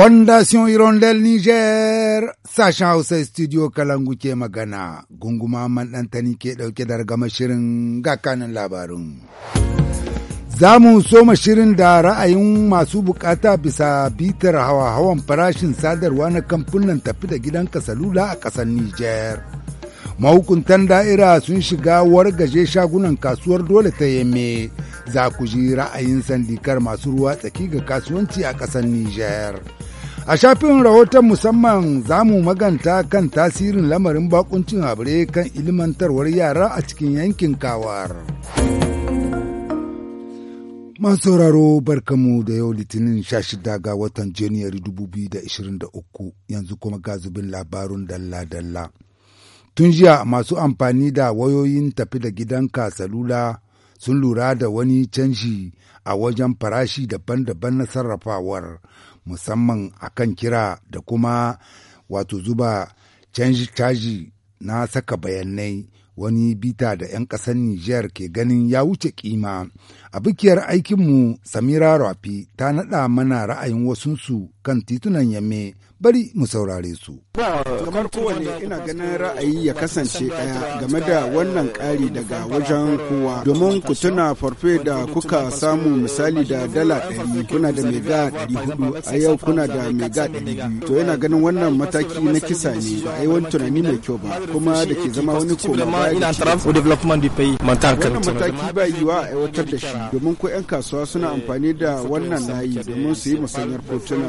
Fondation Hirondel Niger sashen Hausa studio Kalangu ke magana gunguma ɗantani ke ɗauke da gama shirin ga kanin labarin. Za mu soma shirin da ra'ayin masu bukata bisa bitar hawa-hawan farashin sadarwa na kamfunan tafi da gidan kasalula a ƙasar Niger. Mahukuntan da'ira sun shiga wargaje shagunan kasuwar dole ta yame za ku ji ra'ayin sandikar masu ruwa tsaki ga kasuwanci a ƙasar Niger. A shafin rahoton musamman za mu maganta kan tasirin lamarin bakuncin abure kan ilimantarwar yara a cikin yankin kawar. Masu sauraro barkamu da yau litinin 16 ga watan Janairu 2023 yanzu kuma ga zubin labarun dalla-dalla. Tun jiya masu amfani da wayoyin tafi da gidanka salula sun lura da wani canji a wajen farashi daban-daban na sarrafawar musamman a kan kira da kuma wato zuba canji caji na saka bayanai wani bita da 'yan ƙasar Nijiyar ke ganin ya wuce kima. A bikiyar aikinmu Samira Rafi ta naɗa mana ra'ayin wasunsu kan titunan yamme bari mu saurare su. kamar kowane ina ganin ra'ayi ya kasance ɗaya game da wannan ƙari daga wajen kowa domin ku tuna farfe da kuka samu misali da dala ɗari kuna da mega ɗari hudu a yau kuna da mega ɗari biyu to yana ganin wannan mataki na kisa ne ba a yi wani tunani mai kyau ba kuma da ke zama wani koma wannan mataki ba yiwa a aiwatar da shi domin ko 'yan kasuwa suna amfani da wannan layi domin su yi musanyar kotuna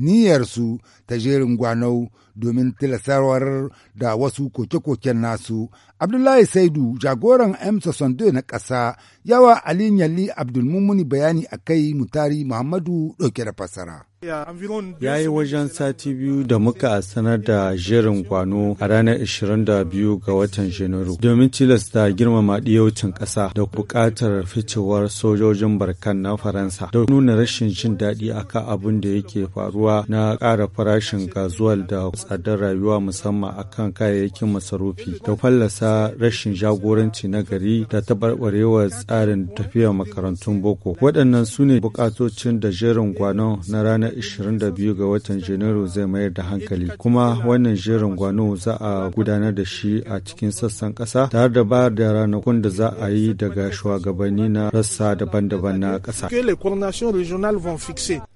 niyyarsu ta jerin gwanau domin tilasarwar da wasu koke-koken nasu. Abdullahi Saidu, jagoran M. Sosondo na ƙasa, yawa Ali Nyalli Abdulmumuni bayani a kai Mutari Muhammadu ɗauke da fasara. Ya yi wajen sati biyu da muka sanar da jerin gwano a ranar 22 ga watan Janairu domin tilasta girmama ɗiyaucin ƙasa da buƙatar ficewar sojojin barkan na Faransa da nuna rashin jin daɗi akan abin da yake faruwa ba na ƙara farashin gazuwal da tsadar rayuwa musamman akan kayayyakin masarufi da fallasa rashin jagoranci na gari da taɓarɓarewar tsarin tafiya makarantun boko waɗannan su ne buƙatocin da jerin gwano na ranar 22 ga watan janairu zai mayar da hankali kuma wannan jerin gwano za a gudanar da shi a cikin sassan ƙasa tare da ba da ranakun da za a yi daga shugabanni na rassa daban-daban na ƙasa.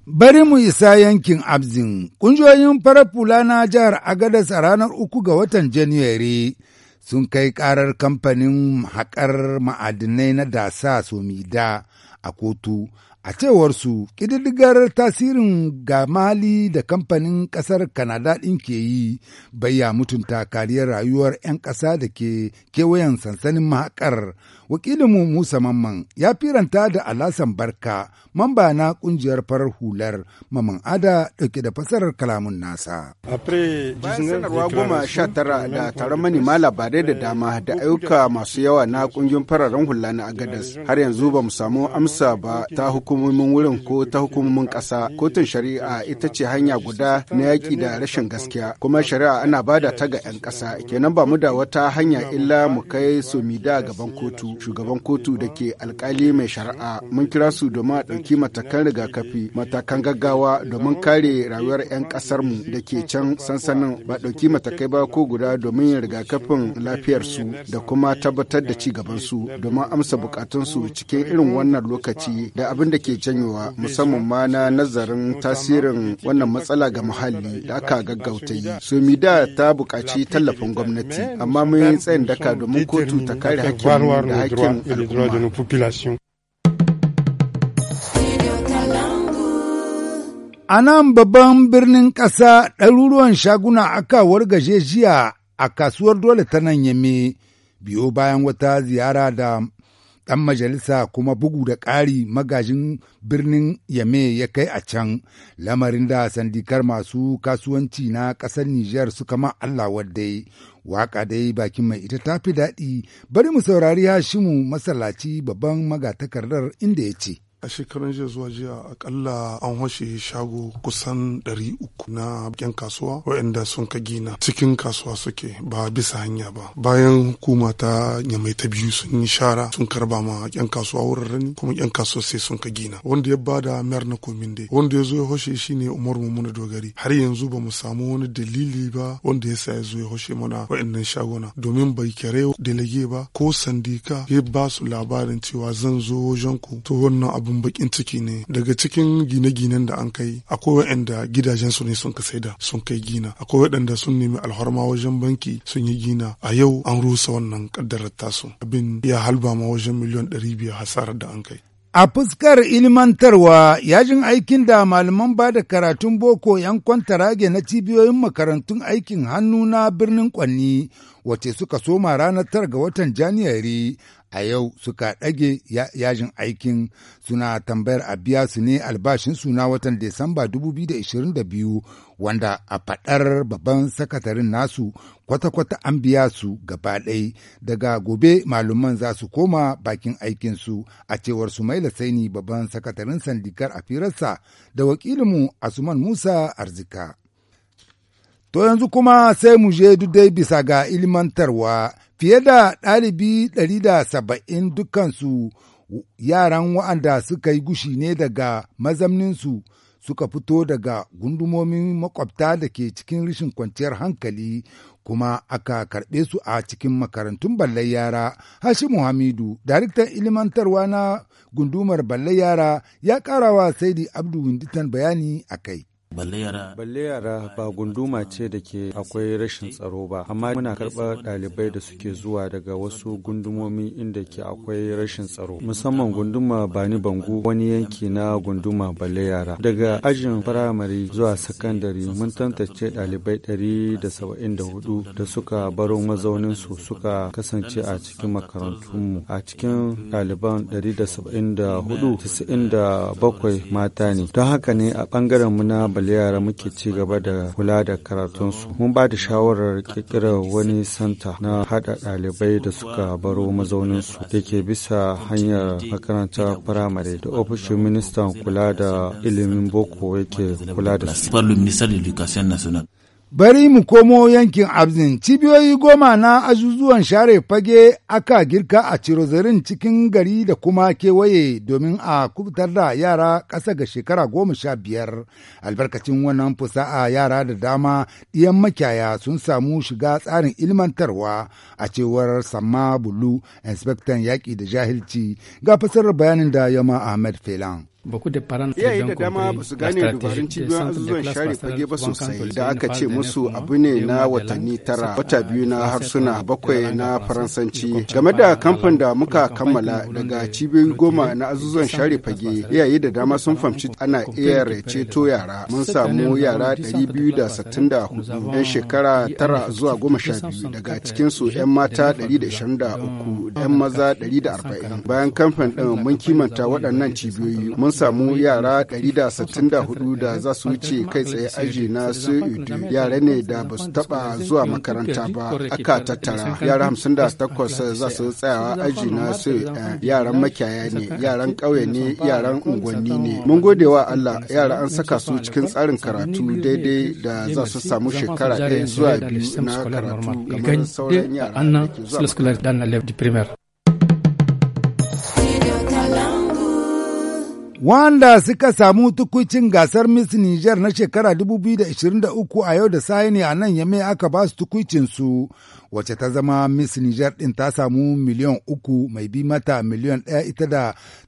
Bari mu isa yankin abzin ƙungiyoyin farar fula na jihar agadas a ranar uku ga watan january sun kai karar kamfanin haƙar ma'adinai na dasa somida a kotu a cewar su ƙididdigar tasirin ga mali da kamfanin ƙasar kanada ɗin ke yi bayya mutunta kariyar rayuwar 'yan ƙasa da ke kewayen sansanin mahaƙar wakilinmu Musa Mamman ya firanta da Alasan Barka, mamba na kungiyar farar hular Maman Ada dauke da fasarar kalamun nasa. Bayan sanarwa goma sha tara da taron manema labarai da dama da ayyuka masu yawa na kungiyar fararen hula na Agadas har yanzu ba mu samu amsa ba ta hukumomin wurin ko ta hukumomin ƙasa kotun shari'a ita ce hanya guda na yaƙi da rashin gaskiya kuma shari'a ana bada ta ga 'yan ƙasa kenan ba mu da wata hanya illa mu kai su mida gaban kotu shugaban kotu da ke alkali mai shari'a mun kira su domin a ɗauki matakan rigakafi matakan gaggawa domin kare rayuwar 'yan mu da ke can sansanin ba ɗauki matakai ba ko guda domin yin rigakafin lafiyarsu da kuma tabbatar da ci gaban su domin amsa bukatun su cikin irin wannan lokaci da abin da ke janyowa musamman ma na nazarin tasirin wannan matsala ga muhalli da aka gaggauta yi. da ta buƙaci tallafin gwamnati amma mun yi tsayin daka domin kotu ta kare hakkin da les droits et les droits de nos populations. A nan babban birnin ƙasa ɗaruruwan shaguna aka wargaje jiya a kasuwar dole ta nan yame biyo bayan wata ziyara da ɗan majalisa kuma bugu da ƙari magajin birnin Yame ya kai a can, lamarin da sandikar masu kasuwanci na ƙasar Nijar suka ma Allah waddai, waka dai bakin mai ita ta fi daɗi, bari mu saurari Hashimu masallaci babban magatakardar inda ya ce. a shekaran jiya zuwa jiya akalla an washe shago kusan 300 na yan kasuwa waɗanda sun ka gina cikin kasuwa suke ba bisa hanya ba bayan hukuma ta nyamai ta biyu sun yi shara sun karba ma yan kasuwa wuraren kuma yan kasuwa sai sun ka gina wanda ya bada mayar na komin dai wanda ya zo ya hoshe shine umar dogari har yanzu ba mu samu wani dalili ba wanda ya sa ya zo ya hoshe mana waɗannan shaguna domin bai kere delege ba ko sandika ya ba su labarin cewa zan zo wajen ku to wannan abu abun bakin ciki ne daga cikin gine-ginen da an kai akwai waɗanda gidajen su ne sun ka saida sun kai gina akwai waɗanda sun nemi alhorma wajen banki sun yi gina a yau an rusa wannan kaddarar tasu abin ya halba ma wajen miliyan ɗari biyar hasarar da an kai A fuskar ilmantarwa, yajin aikin da malaman ba da karatun boko yan rage na cibiyoyin makarantun aikin hannu na birnin Kwanni, wace suka soma ranar tara ga watan Janairu a yau suka ɗage yajin aikin suna tambayar a biya su ne albashin suna watan Desamba 2022 wanda a faɗar babban sakatarin nasu kwata-kwata an biya su gaba ɗai daga gobe malaman za su koma bakin aikinsu a cewar Sumaila Saini babban sakatarin sandikar a firarsa da wakilinmu Asuman Musa Arzika. To yanzu kuma sai mu je dai bisa ga ilimantarwa Fiye da ɗalibi ɗari da saba'in dukansu yaran wa'anda suka yi gushi ne daga mazamninsu suka fito daga gundumomin makwabta da ke cikin rashin kwanciyar hankali kuma aka karɓe su a cikin makarantun ballai yara hashimu hamidu daraktan ilimantarwa na gundumar ballai yara ya ƙarawa saidi abdu winditan bayani a kai balle yara ba gunduma ce da ke akwai rashin tsaro ba amma muna karɓar ɗalibai da suke zuwa daga wasu gundumomi inda ke akwai rashin tsaro musamman gunduma bani bangu wani yanki na gunduma balle yara daga ajin firamare zuwa sakandare mun tantance ɗalibai ɗari da saba'in da hudu da suka baro mazaunin su suka kasance a cikin makarantunmu a cikin ɗaliban ɗari da saba'in da hudu tisa'in da bakwai mata ne don haka ne a ɓangaren mu na yara muke ci gaba da kula da karatunsu. Mun ba da shawarar kirkirar wani santa na haɗa ɗalibai da suka baro mazauninsu da ke bisa hanyar makarantar firamare da ofishin ministan kula da ilimin boko yake kula da su. Bari mu komo yankin Abzin, cibiyoyi goma na azuzuwan share fage aka girka a cirozarin cikin gari da kuma kewaye domin a kubutar da yara ƙasa ga shekara goma sha biyar. Albarkacin wannan fusa'a yara da dama ɗiyan makiyaya sun samu shiga tsarin ilmantarwa a cewar Samma Bulu, inspektan yaƙi da jahilci ga fasarar bayanin da Yama Ahmed Felan. ku da dama ba su gane dubarun cibiyar azuzuwan share fage ba sosai da aka ce musu abu ne na watanni tara wata biyu na harsuna bakwai na faransanci game da kamfan da muka kammala daga cibiyoyi goma na azuzuwan share fage iyaye da dama sun fahimci ana iya ceto yara mun samu yara 264 'yan shekara tara zuwa goma sha biyu daga cikinsu 'yan mata 123 'yan maza 140 bayan kamfan ɗin mun kimanta waɗannan cibiyoyi mun samu yara 164 da za su wuce kai tsaye aji na CED yara ne da ba su taba zuwa makaranta ba aka tattara yara 58 za su tsayawa aji na su eh, yaran makiyaya ne yaran ƙauye ne yaran unguwanni ne mun gode wa Allah yara an saka su cikin tsarin karatu daidai da za su samu shekara ɗaya zuwa biyu na karatu kamar sauran yara da ke zuwa wanda suka samu tukucin gasar Miss Niger na shekara 2023 a yau da sai ne a nan yame aka ba su tukucinsu wace ta zama Miss Niger ɗin ta samu miliyan uku mai bi mata miliyan ɗaya ita da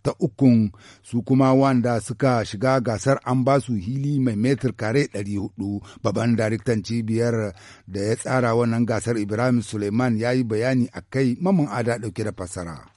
ta ukun su kuma wanda suka shiga gasar an ba su hili mai metir kare 400 babban daraktan cibiyar da ya tsara wannan gasar Ibrahim Suleiman ya yi bayani a kai mamman ada ɗauke da fasara.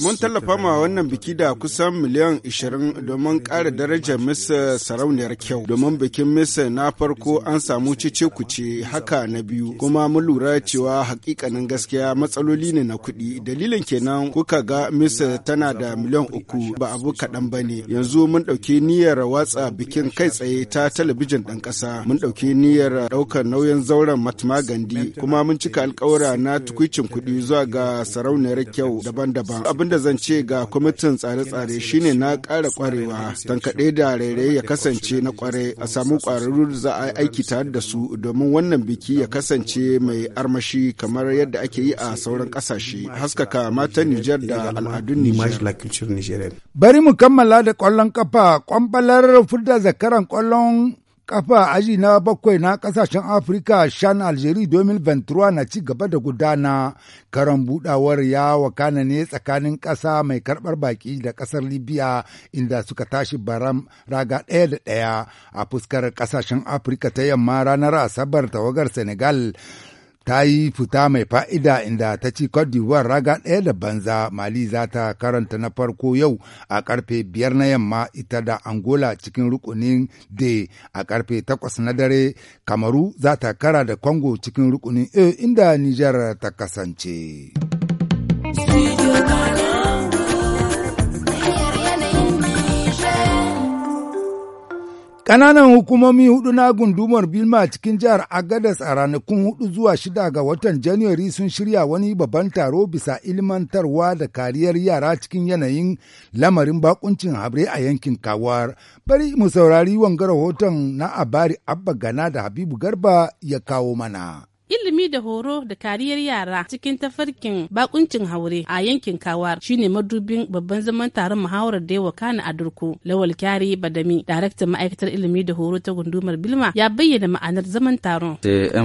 Mun tallafa ma wannan biki da kusan miliyan 20 domin ƙara darajar Mr. sarauniyar kyau. Domin bikin Misa na farko an samu cece kuce haka na biyu kuma mun lura cewa hakikanin gaskiya matsaloli ne na kuɗi. Dalilin kenan kuka ga Misa tana da miliyan uku ba abu kaɗan ba ne. Yanzu mun ɗauki niyyar watsa bikin kai tsaye ta talabijin ɗan ƙasa. Mun ɗauki niyyar ɗaukar nauyin zauren Matma Gandi kuma mun cika alƙawura na tukwicin kuɗi zuwa ga sarauniyar kyau da daban-daban abin da zan ce ga kwamitin tsare-tsare shine na ƙara kwarewa tankaɗe da rairaye ya kasance na kware. a samu ƙwararru da za a yi aiki tare da su domin wannan biki ya kasance mai armashi kamar yadda ake yi a sauran kasashe. haskaka matan Nijar da al'adun Nijar. Bari mu kammala da ƙwallon kafa kwambalar fudda zakaran ƙwallon kafa aji na bakwai na kasashen afirka shan domin 2023 na ci gaba da gudana karon budawar ya wakana ne tsakanin kasa mai karbar baki da kasar libya inda suka tashi baram raga ɗaya da ɗaya a fuskar kasashen afirka ta yamma ranar asabar tawagar senegal ta yi fita mai fa'ida inda ta ci Cote d'Ivoire raga ɗaya da banza Mali za ta karanta na farko yau a karfe biyar na yamma ita da Angola cikin rukunin D a karfe takwas na dare Kamaru za ta kara da Congo cikin rukunin e inda Nijar ta kasance. Ƙananan hukumomi hudu na gundumar Bilma cikin jihar Agadas a ranakun hudu zuwa shida ga watan Janairu sun shirya wani babban taro bisa ilmantarwa da kariyar yara cikin yanayin lamarin bakuncin habre a yankin Kawar. Bari mu saurari wanga rahoton na Abari Abba Gana da Habibu Garba ya kawo mana. ilimi da horo da kariyar yara cikin tafarkin bakuncin haure a yankin kawar shine madubin babban zaman taron muhawarar da yawa kana a durku lawal kyari badami daraktan ma'aikatar ilimi da horo ta gundumar bilma ya bayyana ma'anar zaman taron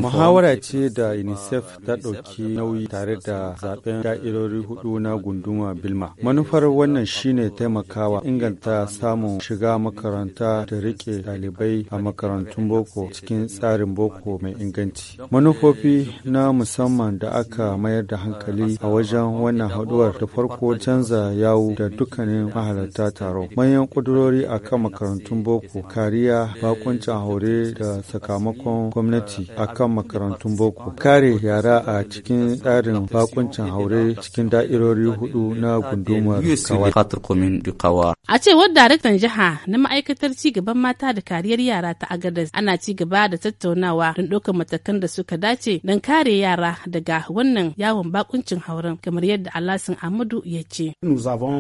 muhawara ce da unicef ta ɗauki nauyi tare da zaben da'irori hudu na gunduma bilma manufar wannan shine taimakawa inganta samun shiga makaranta da rike ɗalibai a makarantun boko cikin tsarin boko mai inganci manufar manufofi na musamman da aka mayar da hankali a wajen wannan haduwar da farko canza yawu da dukkanin mahalarta taro, manyan kudurori a kan makarantun boko kariya bakuncin haure da sakamakon gwamnati a kan makarantun boko kare yara a cikin tsarin bakuncin haure cikin da'irori hudu na gundumar kawa a ce, cewar daraktan jiha na ma'aikatar ci gaban mata da kariyar yara ta agadas ana ci gaba da tattaunawa don ɗaukar matakan da suka dace ce don kare yara daga wannan yawon bakuncin hauren kamar yadda Alhassan amadu ya ce.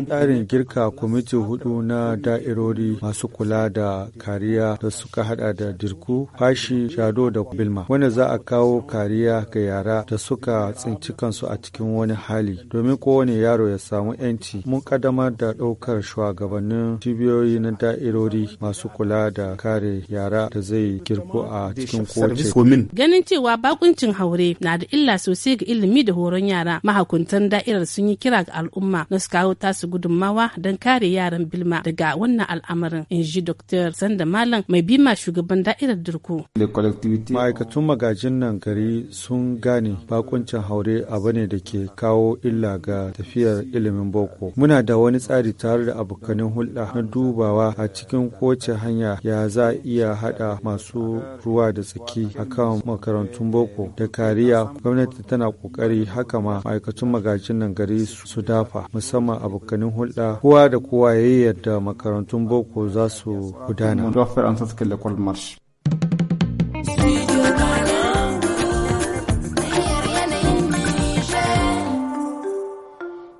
Tsarin girka kwamiti hudu na da'irori masu kula da kariya da suka hada da dirku, fashi, shado da bilma wanda za a kawo kariya ga yara da suka tsinci kansu a cikin wani hali domin kowane yaro ya samu 'yanci. Mun kadamar da ɗaukar shugabannin cibiyoyi na da'irori masu kula da kare yara da zai girko a cikin kowace. Ganin cewa bakun hukuncin haure na da illa sosai ga ilimi da horon yara mahakuntan da'irar sun yi kira ga al'umma na su kawo tasu gudummawa don kare yaran bilma daga wannan al'amarin in ji dr sanda malam mai bima shugaban da'irar durku ma'aikatun magajin nan gari sun gane bakuncin haure abu ne da ke kawo illa ga tafiyar ilimin boko muna da wani tsari tare da abokanin hulɗa na dubawa a cikin kowace hanya ya za iya haɗa masu ruwa da tsaki akan makarantun boko da kariya gwamnati tana kokari haka ma ma'aikacin magajin nan gari su dafa musamman abokanin hulɗa kowa da kowa ya yi yadda makarantun boko za su gudana.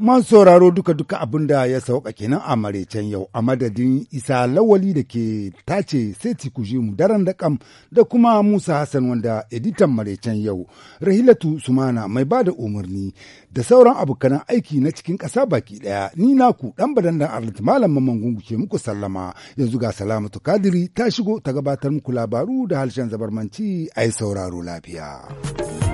Man sauraro duka-duka abin da ya sauka kenan a maraicen yau a madadin isa lawali da ke tace sai kuje mu daren da kam da kuma Musa Hassan wanda editan maraicen yau Rahilatu Sumana mai ba da umarni da sauran abokan aiki na cikin ƙasa baki daya ni naku ɗan badan da Arlit Malam Mamman Gungu ke muku sallama yanzu ga Salamatu Kadiri ta shigo ta gabatar muku labaru da harshen zabarmanci ai sauraro lafiya.